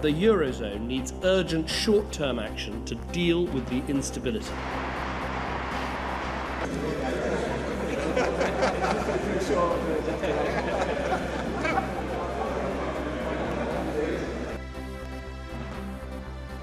the Eurozone needs urgent short term action to deal with the instability.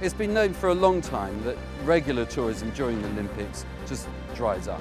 It's been known for a long time that regular tourism during the Olympics just dries up.